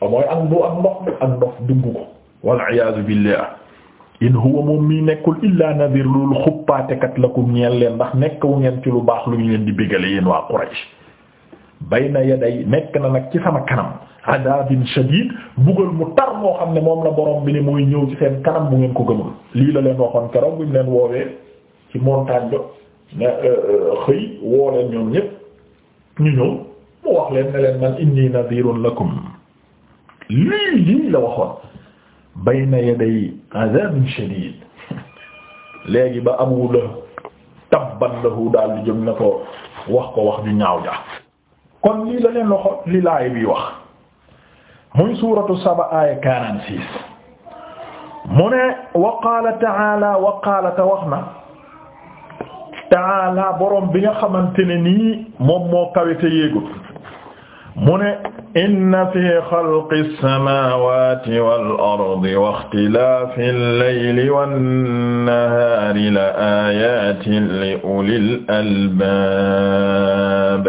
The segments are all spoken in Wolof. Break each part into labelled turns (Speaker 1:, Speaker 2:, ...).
Speaker 1: mooy ak ndu ak ndox ak ndox dugg ko wal iyaazu billah in huwa moom mi nekkul illaa nadir loolu xuppaatekat lakum ñeel leen ndax nekkawu ngeen ci lu baax lu ñu leen di bégale yéen waa Quraysh bayna yaday nekk na nag ci sama kanam adabin shadid bugal mu tar moo xam ne moom la borom bi ne mooy ñëw ci seen kanam bu ngeen ko gëmul lii la leen waxoon keroog bi mu leen woowee ci montagne ba ne euh, euh, xëy woo leen ñoom ñépp ñu ñëw mu wax leen ne leen lii lii la waxoon bayna yaday azabin shadid léegi ba abu la tabban lahu daal di jëm na ko wax ko wax ju ñaaw ja kon lii la leen loxo li laay bi wax muy suuratu saba aaya quarante-six mu ne wa qaala taala wa qaala ta wax na taala boroom bi nga xamante ne nii moom moo kawite yéegul mu ne inna fi xalqi samaawaati wal ardi wa ixtilaafil layli wan nahaari la aayaatin li ulil albaab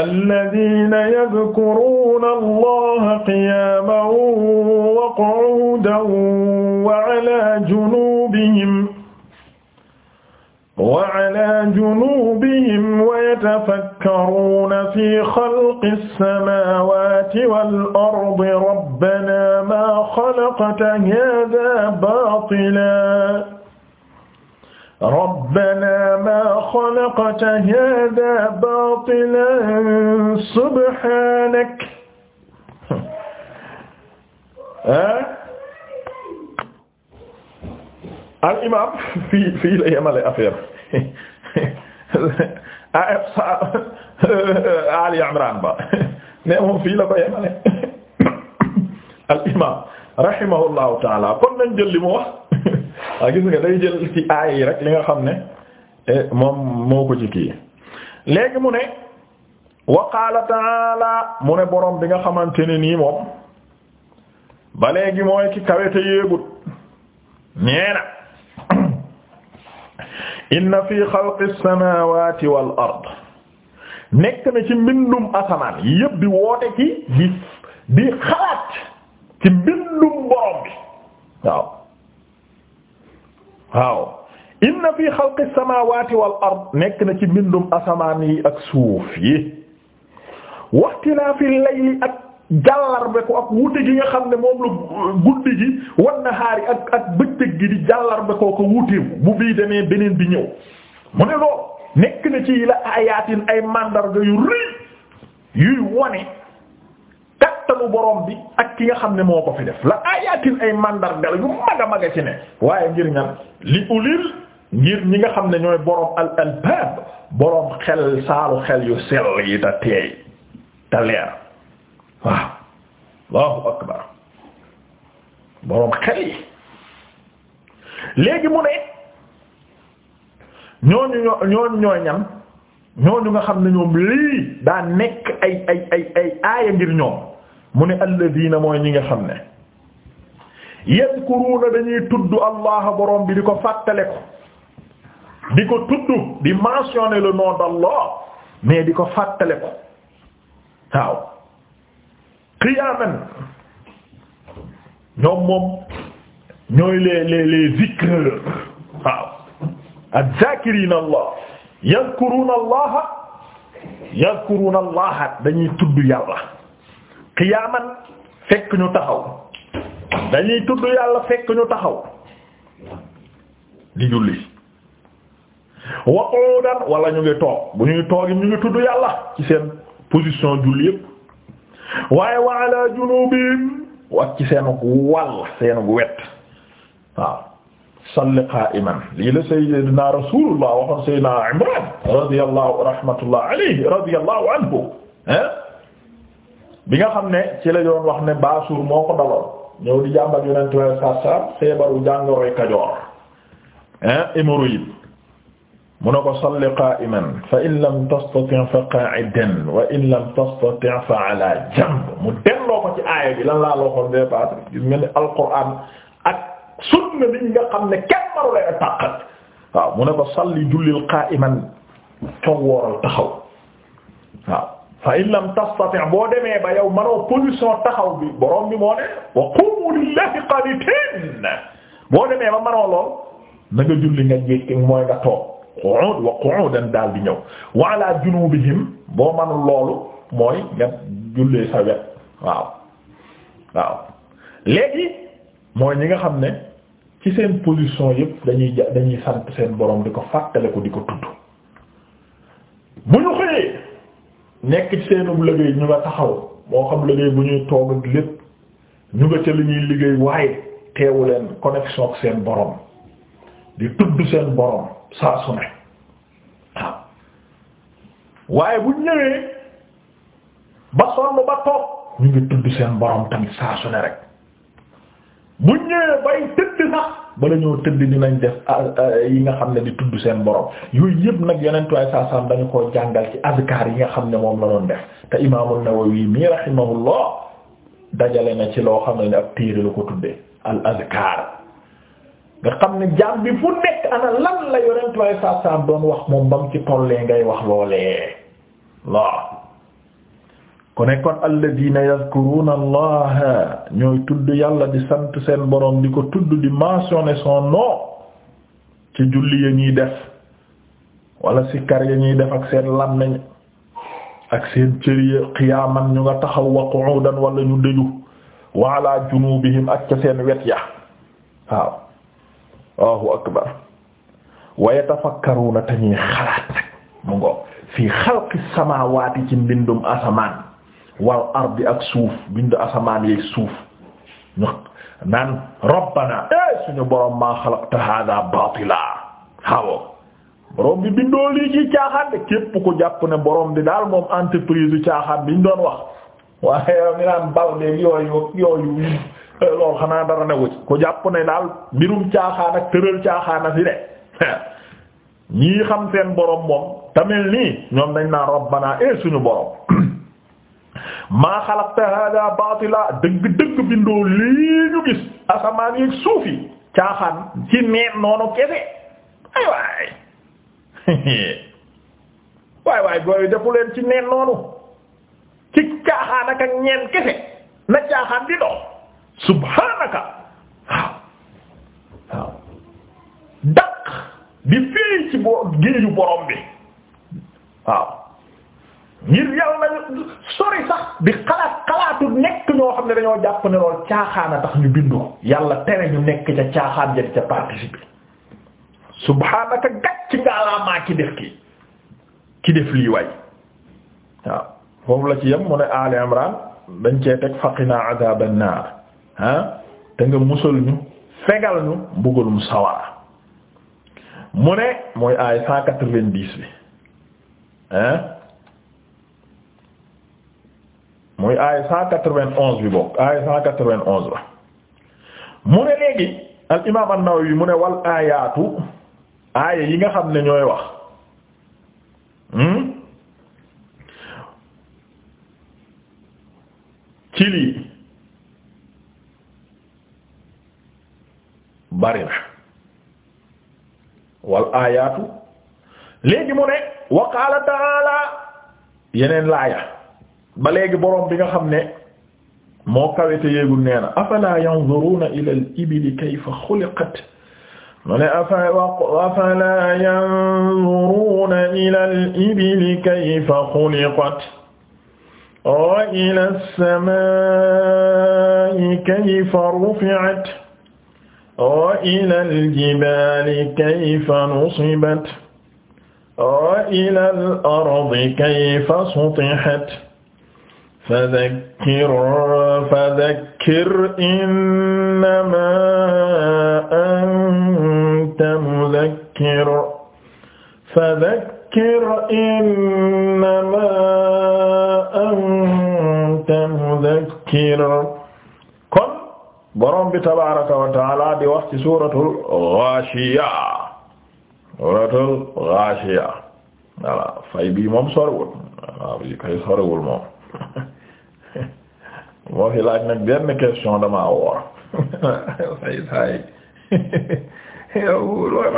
Speaker 1: allaziina yazkuruuna Allaha qiyaaman wa qu'uudan wa alaa junuubihim wa ala junubihim wa yatafakkaruna fi xalqi samaawaati wal ardi rabbana ma xalaqta haaza baatila rabbana ma xalaqta haaza baatilan subhaanak al imaam fii fii la yemale affaire afsa ah, eh, ali imran ba mais moom fii la ko yemale al imam rahimahullahu taala kon nañ jël li mu wax waa ah, gis nga day jël ci aay yi li nga xam ne eh, moom moo ko ci kii léegi mu ne wa qaala taala mu ne borom bi nga xamante ne nii moom ba léegi mooy ki kawete yéegut neena inna fi xalqi samaawaati wal ard nekk na ci mbindum asamaan yëpp di woote ci di di xalaat ci mbindum borom bi waaw waaw inna fi xalqi samaawaati wal ard nekk na ci mbindum asamaan yi ak suuf yi waxtilaafi layli ak jàllarbe ko ak wute gi nga xam ne moom la guddi gi wan na xaari ak ak bëccëg gi di jàllarbe ko wuteewu bu bii demee beneen bi ñëw mu ne loolu nekk na ci la ayaatin ay màndarga yu rëy yuy wone kattanu borom bi ak ki nga xam ne moo ko fi def la ayaatin ay màndarga yu mag a mag a ci ne waaye ngir ñan li ulil ngir ñi nga xam ne ñooy boroom al albaab borom xel saalu xel yu sel yi te teey te leer waaw allahu akbar boroom xel yi léegi mu ne ñooñu ñoo ñooñu ñoo ñam ñooñu nga xam ne ñoom lii daa nekk ay ay ay ay aaya ngir ñoom mu ne alladina mooy ñi nga xam ne yadkuruuna dañuy tudd allah borom bi di ko fàttale ko di ko tudd di mentionner le nom d'Allah mais di ko fàttale ko waaw qiyaaman ñoom moom ñooy les les les zikreurs waaw az-zaakiriina allah yadkuruuna dañuy tudd yàlla qiyaaman fekk ñu taxaw dañuy tudd yàlla fekk ñu taxaw di julli wa qu'udan wala ñu ngi toog bu ñuy toog ñu ngi tudd yàlla ci seen position julli yépp waaye wa ala junubihim wax ci seen wàll seen wet waaw salli qa'iman lii la sayyidina rasulullah waxoon sayyidina imran radiyallahu rahmatullah alayhi radiyallahu anhu eh? bi nga xam ne ci la doon wax ne baasuur moo ko daloon ñëw di jàmbat yonent sallallahu alayhi wasallam feebaru jàngoroy kajoor eh? hémorroïde mu ne ko salli qaa'iman fa in lam tastati' fa qaa'idan wa in lam tastati' fa ala janb mu delloo ko ci aaya bi lan laa loo xoon bee paase gis nga ne alquran ak sunna bi nga xam ne kenn maru lay tàqat waaw mu ne ko salli jullil qaa'iman coowooral taxaw waaw fa in lam tastati' boo demee ba yow manoo position taxaw bi borom bi moo ne wa qumu lillahi qaanitiin boo demee ba manoo lool na nga julli nga jékki mooy nga toog. qu'ud wa qu'udan daal di ñëw wa ala boo manul loolu mooy nga jullee sa wet waaw waaw léegi mooy ñi nga xam ne ci seen position yëpp dañuy ja dañuy sant seen borom di ko fàttale ko di ko tudd bu ñu xëyee nekk ci seenum liggéey ñu nga taxaw moo xam liggéey bu ñuy toog ak lépp ñu nga ca li ñuy liggéey waaye teewu leen connexion ak seen boroom di tudd seen borom saa su waaye bu ñëwee ba sonn ba toog ñu ngi tudd seen borom tamit saa su rek bu ñëwee bay tëdd sax bala ñoo tëdd dinañ def ah, ah, yi nga xam ne di tudd seen borom yooyu yépp nag yonentu waaye saa saam dañu koo jàngal ci azkaar yi nga xam ne moom la doon def te imaamul Nawawi mi rahimahullah dajale na ci loo xam ne ab téere lu ko tuddee al azkaar nga xam ne jaam bi fu nekk ana lan la yonent way doon wax moom bam ci tollee ngay wax loolee waaw ku nekkoon alladina yazkuruna allah ñooy yàlla di sant seen boroom di ko tudd di mentionner son nom ci julli ya ñuy def wala sikkar ya ñuy def ak seen làmmiñ ak seen cër ya qiyaaman ñu nga taxaw wa qu'udan wala ñu dëju wa ala ak seen wet ya waaw Allahu akbar wa yatafakkaruna te ñuy xalaat nag mu ngo fii xalqi ci mbindum asamaan wal ardi ak suuf bindu asamaan yeeg suuf ñu naan eh, suñu borom maa xalaqta hada batila waaw borom bi bindoo lii caaxaan de képp ku jàpp ne borom bi daal moom entreprise yu caaxaan biñ wax waaye yow mi naan bal yooyu yooyu. loolu xanaa dara newu ci ku jàpp ne daal mbirum caaxaan ak tëral caaxaan a fi ne ñii xam seen borom moom tamit nii ñoom dañ naa rabbana e suñu borom maa xalaqta hada batila dëgg-dëgg bindoo lii ñu gis asamaan yi suuf caaxaan ci neen noonu kese ay waay waay waay booy defu leen ci neen noonu ci caaxaan ak ak ñeen kese na caaxaan di dox subhaanaka waaw waaw daq di fii ci boo géeju borom bi waaw ngir yàlla sori sax di xalaat xalaatu nekk ñoo xam ne dañoo jàpp ne lool caaxaana tax ñu bindoo yàlla tere ñu nekk ca caaxaan ja di ca participer subhaanaka gàcc nga alaamaa ki def ki ki lii waay waaw foofu la ci yem mu ne Aali Imraan dañ cee teg faqinaa adaaban naar ah te nga musal ñu fegal ñu mbugalum sawara mu ne mooy aay cent quatre-vingt-dix bi ah mooy aay cent quatre-vingt-onze bi bokk aay cent quatre-vingt-onze la mu ne léegi al imaam an-Nawawi mu ne wal aayaatu aaya yi nga xam ne ñooy wax hmm? ci bari na wal aayaatu léegi mu ne wa qaala ta'ala yeneen laaya ba léegi boroom bi nga xam ne moo kawete yéegul nee na afala yanzuruna ila al ibili kayfa xuliqat mu ne afala yanzuruna ila al ibili kayfa xuliqat wa ila as-samaa'i kayfa rufi'at wa ilal jibaali kayfa nusibat wa ilal ardi kayfa sutihat fadakkir fadakkir innamaa anta mudakkir fadakkir innamaa anta mudakkir borom bi tabaaraka wa taala di wax ci suuratul Ghaashiya suuratul Ghaashiya voilà fay bii moom soriwul waaw bii kay soriwul moom moo fi laaj nag benn question damaa woor fay saay yow looy bu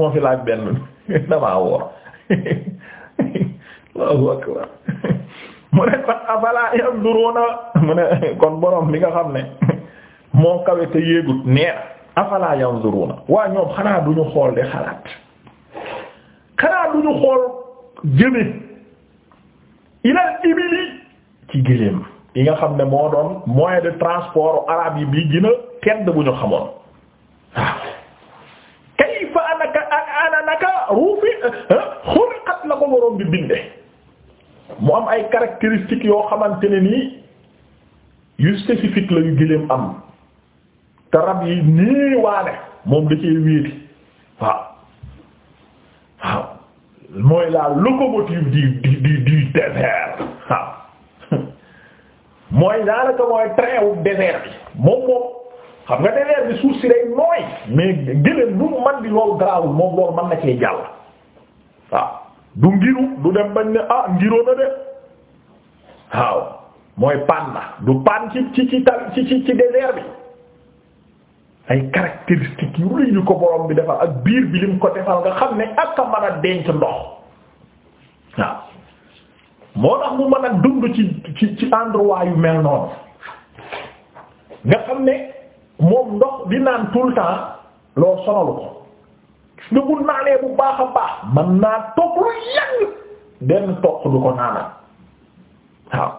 Speaker 1: ma fi laaj benn damaa woor allahu akbar mu ne fa afala yanzuruna mu ne kon borom bi nga xam ne moo kawe te yéegut nee afala yanzuruna waa ñoom xanaa duñu xool de xalaat xanaa duñu xool jëme ilal ibili ci géléem yi nga xam ne moo doon moyen de transport arabe yi bi gëna tedd bu ñu xamoon waaw kayfa anaka anaka ruufi eh, xulqat la ko waroon bi binde am ay caractéristiques yoo xamante ne nii yu spécifique la yu giléem am te rab yi nii waane moom da cee wéeti waaw waaw mooy la locomotive du du du du désert waaw mooy daanaka mooy train wu bi moom moom xam nga désert bi suuf si day nooy mais gëléem nu man di loolu garaawul moom loolu mën na jàll waaw du ngiru du dem bañ ne ah ngiroo na de waaw mooy pan na du pan ci ci ci ci ci ci désert bi ay caractéristiques yu rëy yu ko borom bi defal ak biir bi lim ko defal nga xam ne ak a mën a denc ndox waaw moo tax mu mën a dund ci ci ci yu mel noonu nga xam ne moom ndox di naan tout le temps loo sonalu ko nga bu naanee bu baax a baax mën naa toog lu yàgg benn toq du ko naanal waaw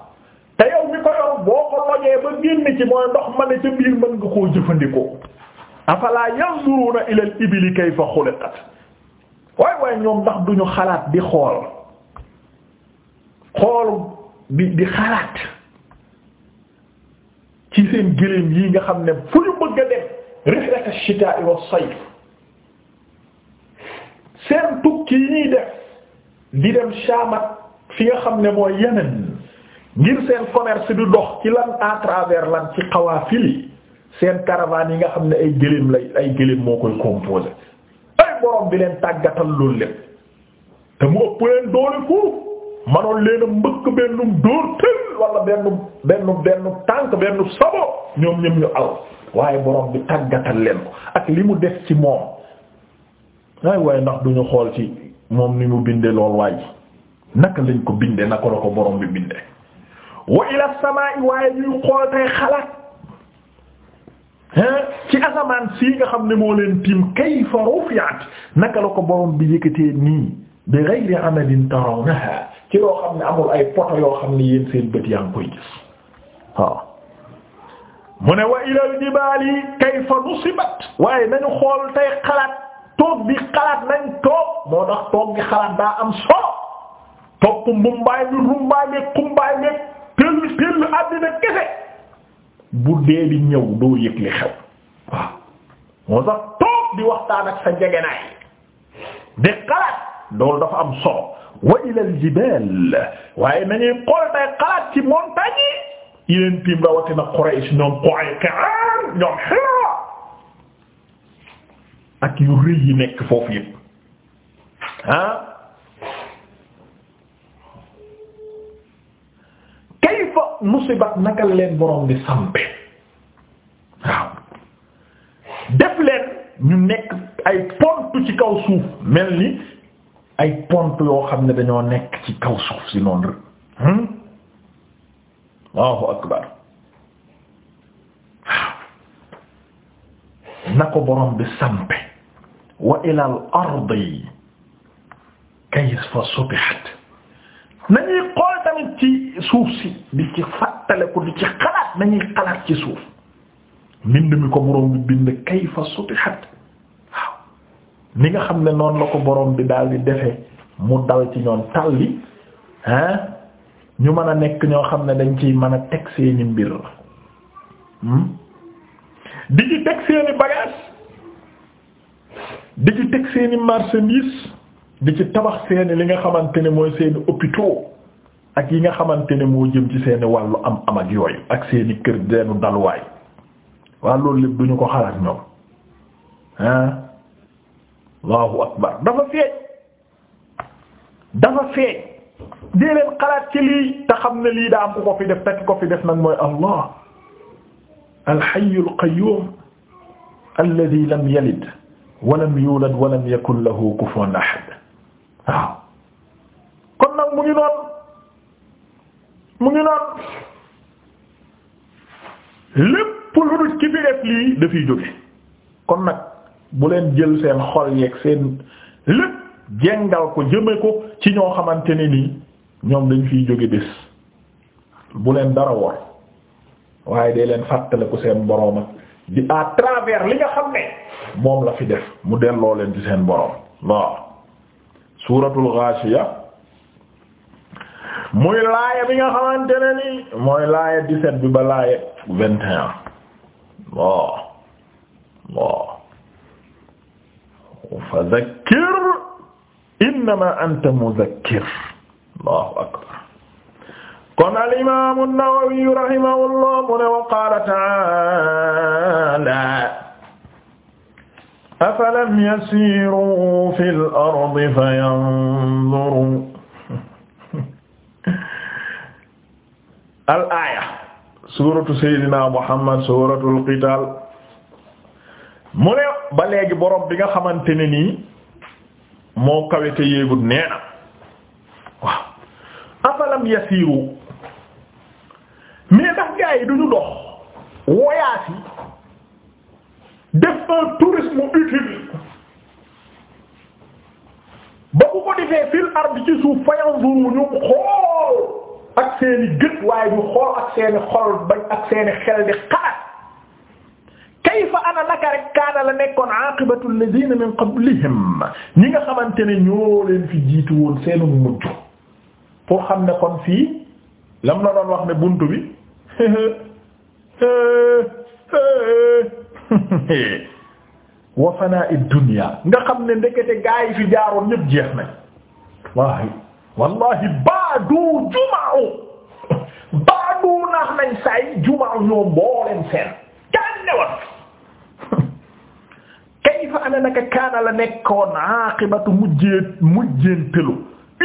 Speaker 1: te yow mi ko yor boo ko lojee ba génn ci mooy ndox ma ne ca biir mën nga koo jëfandikoo afala yanzuruna ila al ibili kayfa xuliqat waay waay ñoom ndax duñu xalaat di xool xool bi di xalaat ci seen gëléem yi nga xam ne fu ñu bëgg a dem rihlat ash-shita'i was-sayf seen tukki yi ñuy def di dem Sham fi nga xam ne mooy Yemen ngir seen commerce du dox ci lan à travers lan ci xawaafil yi seen caravanes yi nga xam ne ay gëléem lay ay gëléem moo koy composé ay borom bi leen tàggatal loolu lépp te mu ëpp leen doole foofu manoon leen a mbëkk tànk bennum sabo ñoom ñoom ñu al waaye borom bi tàggatal leen ko ak li mu def ci moom ay waaye ndax duñu xool ci moom ni mu binde lool waaye naka lañ ko bindee naka la ko borom bi binde wa ila samaa'i waaye ñuy xool tey xalaat ci asamaan si nga xam ne moo leen tiim kayfa rufi'at naka la ko borom bi yëkkatee nii bi ghayri amalin tarawnaha ci loo xam ne amul ay poto yoo xam ne yéen seen bët yaa ngi koy gis waaw mu ne wa ila al jibaali kayfa nusibat waaye nañu xool tey xalaat toog bi xalaat nañ toog moo tax toog gi xalaat daa am solo toog kumbaay bi rumbaay bi kumbaay bi tëll tëll àddina kese bu dee di ñëw doo yëg li xew waaw moo tax toog di waxtaan ak sa njegenaay di xalaat loolu dafa am solo wa ilal jibaal waaye nañuy xool tay xalaat ci montagne yi yeneen tiim rawatina Quraysh ñoom Qayqaan ñoom Hira ak yu rëy nekk foofu yëpp ah kayfa musibat naka leen borom bi sampe waaw def leen ñu nekk ay pont ci kaw suuf mel ni ay pont yoo xam ne dañoo nekk ci kaw suuf si noonu rek hmm? Allahu akbar na ko borom bi sampe wa ila al ardi kayfa sutihat nañuy xool tamit ci suuf si di ci fàttaliku di ci xalaat nañuy xalaat ci suuf mbind mi ko boroom bi bind kayfa sutihat waaw ni nga xam ne noonu la ko boroom bi daal di defe mu dal ci ñoom tàlli ah ñu mën a nekk ñoo xam ne dañ ciy mën a teg seeni mbir la hmm? di ci teg seeni bagage di ci teg seeni marchandise di ci tabax seeni li nga xamante ne mooy seeni hôpitaux ak yi nga xamante ne moo jëm ci seeni wàllu am am ak yooyu ak seeni kër seenu dalwaay waa loolu duñu ko xalaat ñoom ah allahu akbar dafa feeñ dafa feeñ di leen xalaat ci lii te xam ne lii am ko fi def te ko fi def nag mooy allah alhayyul qayyum alladhi lam yalid wa yulad wa lam yakun lahu kufuwan ahad waaw kon nag mu ngi noonu mu ngi naan lépp lu dul ki lii dafiy jóge kon nag bu leen jël seen xol yeeg seen lépp jengal ko jëme ko ci ñoo xamante ne nii ñoom dañ fiy jóge bés bu leen dara wor waaye de leen fàttaliku seen boroom di à travers li nga xam ne moom la fi def mu delloo leen di seen boroom waaw suuratul Gaashiya muy laaya bi nga xamante ne ni mooy laaya dix-sept bi ba laaya vingt et un bon bon fa zakkir innama anta muzakkir allahu akbar kon al imaamu Nawawi rahimahullah mu ne wa qaala ta'aala afalam yasiiru fil ardi fayanzuru al aaya suuratu seydina muhammad suuratul qitaal mu ne ba léegi borom bi nga xamante ne nii moo kawe te yéegul waaw afalam yasiiru mais ndax gaa yi duñu dox voyage yi def un tourisme utile ba ku ko defee fil ardi ci suuf fayanzuru ñu xool ak seeni gët waaye ñu xool ak seeni xol bañ ak seeni xel di xalaat kayfa ana naka rek kaana la nekkoon aqibatu alladhina min qablihim ñi nga xamante ne ñoo leen fi jiitu woon seenu mujj pour xam ne kon fii lam la doon wax ne bunt bi wa fana'id dunya nga xam ne ndekete gaa yi fi jaaroon ñëpp jeex nañ waaye wallahi baadu jumaaw baadu naax nañ saay jumaaw ñoo mbooleen seen kenn newat kayfa ana kaana la nekkoon aqibatu mujjee mujjeentelu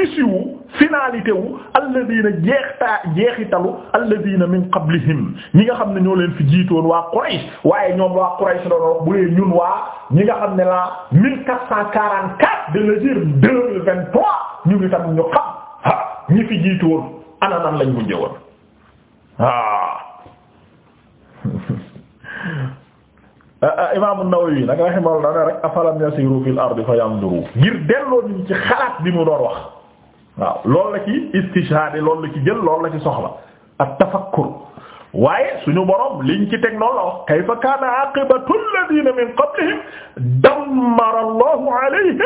Speaker 1: issue wu finalité wu alladina jeextaa jeexitalu alladina min qablihim ñi nga xam ne ñoo leen fi jiitoon waa Quraysh waaye ñoom waa Quraysh la doon bu ñun waa ñi xam ne la 1444 de l'hégire 2023 ñu ngi tam ñu xam ah ñi fi jiitu woon ana lañ mujjee woon ah. Imaam An-Nawawi nag rahimahullah ne rek afalam yasiru fil ardi fayanzuru ngir delloo ñu ci xalaat bi mu doon wax waaw loolu la ci istishhaad loolu la ci jël loolu la ci soxla ak waaye suñu borom liñ ci teg noonu la wax kayfa kaana aqibatu alladhina min qablihim dammara Allahu alayhim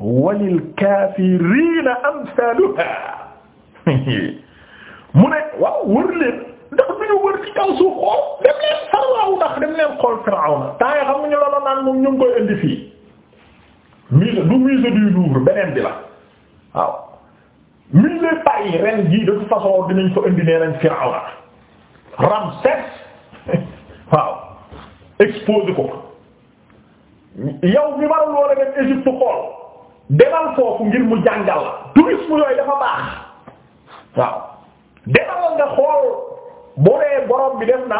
Speaker 1: walil kaafiriina amsaaluhaa mu ne waaw wër leen ndax du ñu wër kaw suuf xool dem leen farlaaw ndax dem leen xool Firawna temps yi xam nga ñu la naan moom ñu ngi koy indi fii musée du musée du Louvre beneen bi la waaw musée Paris ren jii de toute façon dinañ fa indi nee nañ Firawna Ramsès waaw exposé ko yow mi waral loola dem Égypte demal foofu ngir mu jàngal la tourisme yooyu dafa baax waaw demal nga xool boo borom bi def na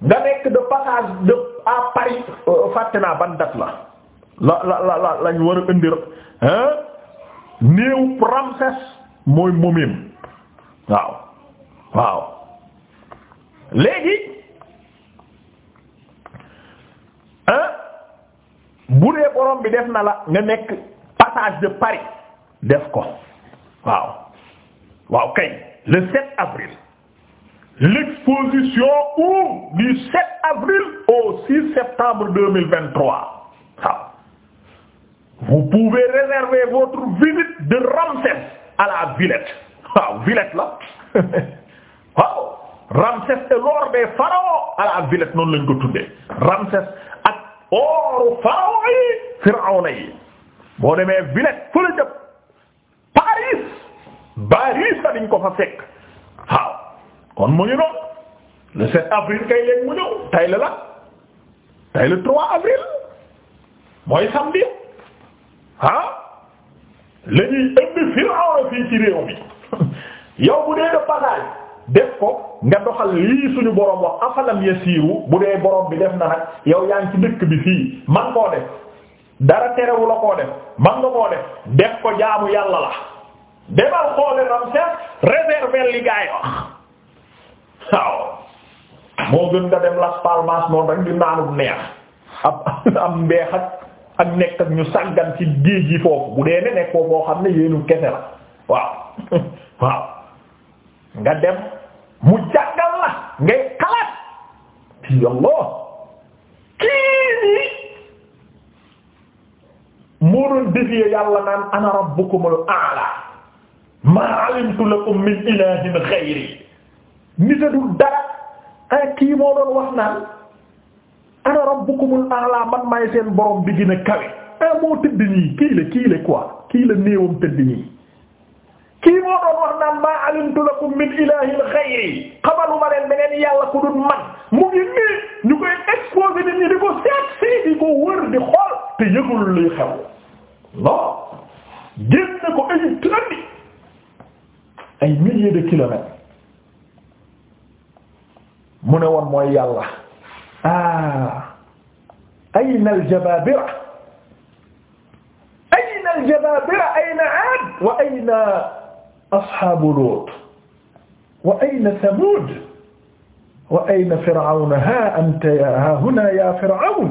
Speaker 1: nga nekk de passage de à Paris euh, fàtte naa ban la la la la lañ war a indi hein néew Ramsès mooy momim waaw waaw léegi hein bu borom bi def na la nga nekk passage de Paris def ko waaw kay le avril l'exposition ouvre du avril au septembre 2023 vous pouvez réserver votre visite de Ramsès à la Villette waaw Villette là waaw Ramsès et l'or des pharaons à la Villette noonu lañ ko tuddee Ramsès ak oru pharaon yi Firawna yi boo demee Villette fële ca Paris Paris ta diñ ko fa fekk waaw kon mu ngi noonu le 7 avril kay leen mu ñëw tay la la tay le 3 avril mooy samedi ah la ñuy indi Firawna fii ci réew mi
Speaker 2: yow bu dee
Speaker 1: de passage def ko nga doxal lii suñu borom wax afalam yasiiru bu dee borom bi def na nag yow yaa ngi ci dëkk bi fii man koo def dara terewu la koo def man nga koo dem def ko jaamu yàlla la demal xoole Ramsès réserver li gaay wax waaw moo gën nga dem Las Palmas noonu rek di naanub neex ab am mbeex ak ak nekk ñu sàggan ci géej yi foofu bu dee ne nekk foofu xam ne yéenu kese la waaw waaw nga dem mu jàggal la ngay xalaat ci yàlla kii nii moo doon di yàlla naan ana rabbukumul a'la ma alimtu lakum min ilahin ghayri nita du dara ay ah, kii moo doon wax naan ana rabbukumul a'la man maay seen borom bi dina a kawe ah, moo tëdd nii kii la kii la quoi kii la néewam tëdd nii kii moo doon wax naan alimtu lakum min ilahin xayri ku dul man mu ngi nii ñu koy exposé nit ko seet si di ko wër di xool te yëgul luy xew non génn ko Égypte andi ay milliers de kilomètres mu ne woon mooy yàlla ah ayna aljababira ayna aad wa ayna ashaabu Luut wa ayna Samuud wa ayna Firawna ha anta ha huna ya Firawna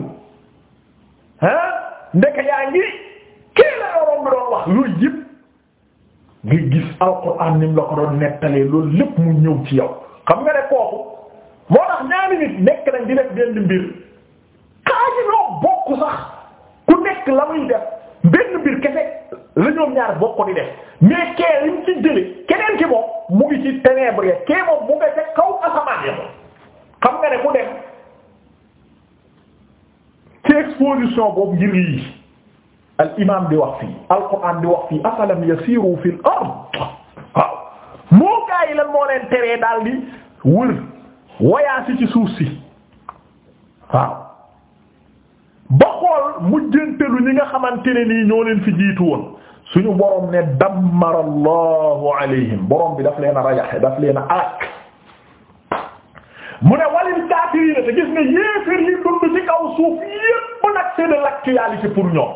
Speaker 1: ha ndeke yaa ngi kii la waroon bi wax loolu yëpp gis alquran ni mu la ko doon nettalee loolu lépp mu ñëw ci yow nga ne kooku moo tax ñaari nit nekk nañ di def benn mbir xaaji ñoo bokk sax ku nekk la muy def mbir kese la ñoom ñaar bokk di def mais kee ci jële keneen ki moom mu ngi ci ténèbres ya kee moom mu nga ca kaw asamaan ya moom xam nga ne ku dem ci exposition boobu ngir lii al imam di wax fii al quran di wax fii afalam yasiru fil ard waaw moo gaa yi lan moo leen teree daal di wër voyage ci suuf si waaw ba xool mujjante lu ñi nga xamante ne nii ñoo leen fi jiitu woon suñu borom ne dammara allahu alayhim borom bi daf leen a rajaxe daf leen alak mu ne walil kaafiriina te gis nga yéefir li dund ci kaw suuf yépp nag c'est de l'actualité pour ñoom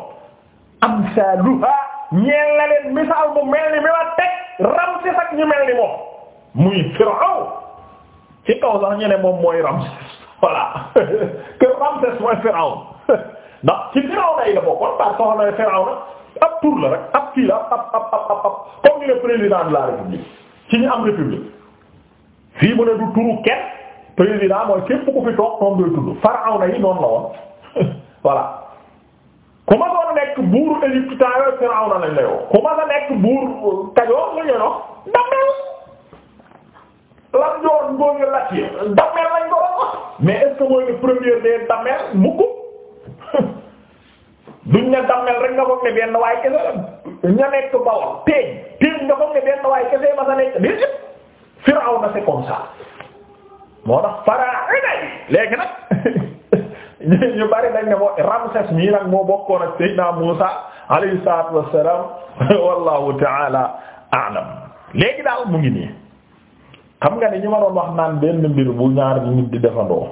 Speaker 1: amsaluha ñeel na leen misaal bu mel ni mi ma ak ñu mel ni moom muy Firaw ci kaw sax ñu ne moom mooy Ramses voilà que Ramses mooy Firaw ndax ci Firaw nay la bokkoon par soxna Firaw na ab tur la rek ab kii la ab ab ab ab comme ni ci ñu am république fii mu ne du turu kenn président mooy képp ku fi toog moom doy tudd Firawna yi noonu la woon voilà. ku ma doon nekk buuru Égypte temps yooyu Firawna lañ lay woo ku ma la nekk buur euh, Kajoor la ñu doon damel lan joor ngoo ngi làcc damel lañ ko mais est-ce que mooy le premier des damel mukk duñ ne dammel rek nga foog ne benn waay kese la nekk bawal teeñ teeñ nga foog ne benn waay kese ba sa nekk bi yëpp Firawna c'est comme ça moo tax faraa'ina yi léegi nag ñu bari dañ ne moo Ramsès mii nag moo bokkoon ak Seydina Muusa alayhi salaatu wassalaam wallahu ta'ala a'lam léegi daal mu ngi nii xam nga ne ñu ma wax naan benn mbir bu ñaar nit di defandoo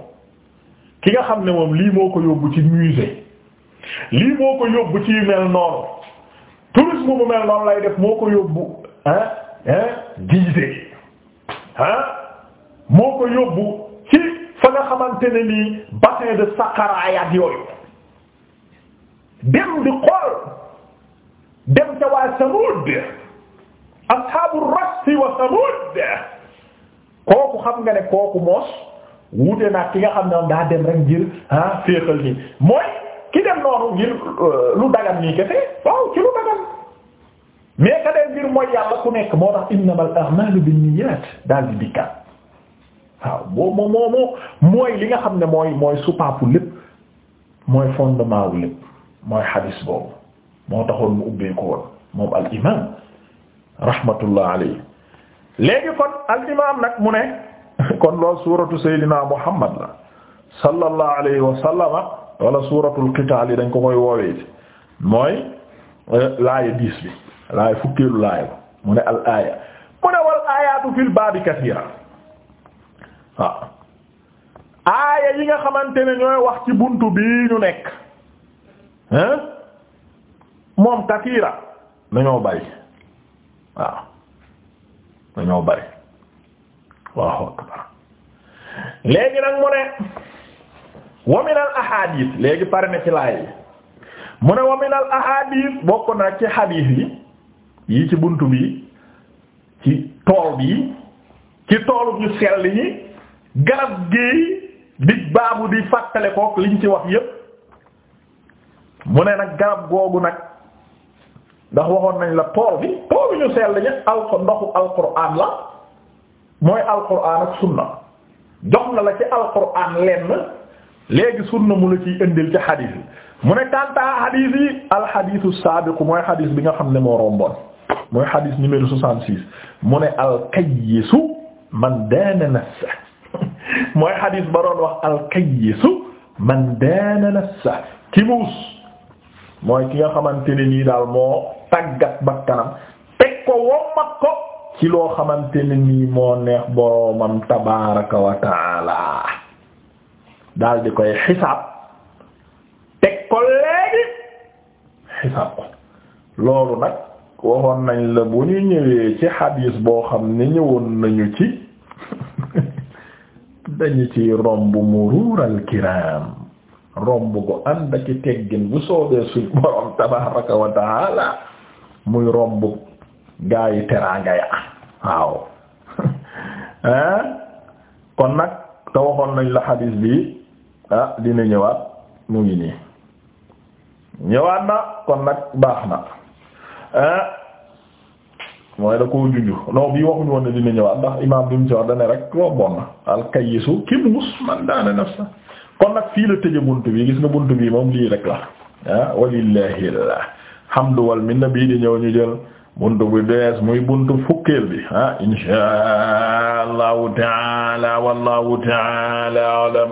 Speaker 1: ki nga xam ne moom lii moo ko yóbbu ci musée lii moo ko yóbbu ci yu mel noonu tourisme bu mel noonu lay def moo ko yóbbu ah ah diisee ah moo ko yóbbu ci fa nga xamante ne nii bassin de Saqqara ak yooyu dem di xool dem ca waa Samud ashabu rasi wa Samud kooku xam nga ne kooku moos wuute naa ki nga xam ne daa dem rek ngir féexal nii mooy. ki dem noonu ngir euh, lu dagan nii kese waaw ci lu dagan mais ka dee mooy yàlla ku nekk moo tax innamal a'malu binniyat daal di dikkaat waaw moo moo moo mooy li nga xam ne mooy mooy supaapu mooy fondement wu lépp mooy xadis boobu moo taxoon mu ubbee ko moom al rahmatullah alayhi léegi kon al imam mu ne kon loolu suratu sayyidina muhammad la sallallahu alayhi wa wala suuratul qitaal yi dañ ko koy woowee mooy euh, laaya diis bi laaya fukkeelu laaya ba mu ne al aaya mu ne wal aayaatu fil baabi kasiira waaw aaya yi nga xamante ne ñooy wax ci buntu bi ñu nekk hein moom kasiira dañoo bari waaw dañoo bari waaw léegi nag mu ne wa min al ahadith léegi pare na ci laay yi mu ne wa min al bokk na ci hadith yi yi ci bunt bi ci tool bi ci toolu ñu sell ñi garab géey dig baabu di fàttale kook liñ ci wax yépp mu ne nag garab googu nag ndax waxoon nañ la tool bi toolu ñu sell ñi al ndoxu alquran la mooy alquran ak sunna jox na la ci alquran lenn léegi sunna mu la ciy indil ci xadis yi mu ne kantaa xadis yi alxadisu saabiqu mooy xadis bi nga xam ne moo romboon mooy xadis numéro soixante-six mu ne alkayisu man daana nafsa mooy xadis ba doon wax alkayisu man daana nafsa ki muus mooy ki nga xamante ne nii daal moo taggat bakkanam teg ko wommat ko ci loo xamante ne nii moo neex boroomam tabaraka wa daal di koy xisaab teg ko léegi xisaab ko loolu nag waxoon nañ la bu ñu ñëwee ci xadiis boo xam ne ñëwoon nañu ci dañu ci romb muruural kiraam romb ko ànd ak i teggin bu soobee suñ borom tabaaraka wa muy romb gaa yi teraanga ya waaw kon nag te waxoon nañ la xadiis bi Ah, dina ñëwaat mu ngi nii ñëwaat na kon nag baax na ah, mooy da koo juju non bii waxuñu woon ne dina ñëwaat ndax imaam bi mu ci wax dane rek romboon na alkayisu ki muus man daana naf kon nag fii la tëje bunt bi gis nga bunt bi moom lii rek la ah walillahi alhamdu wal minna bii di ñëw ñu jël buntu bu bees muy buntu fukkeel bi ah insha allahu taala wallahu taala alam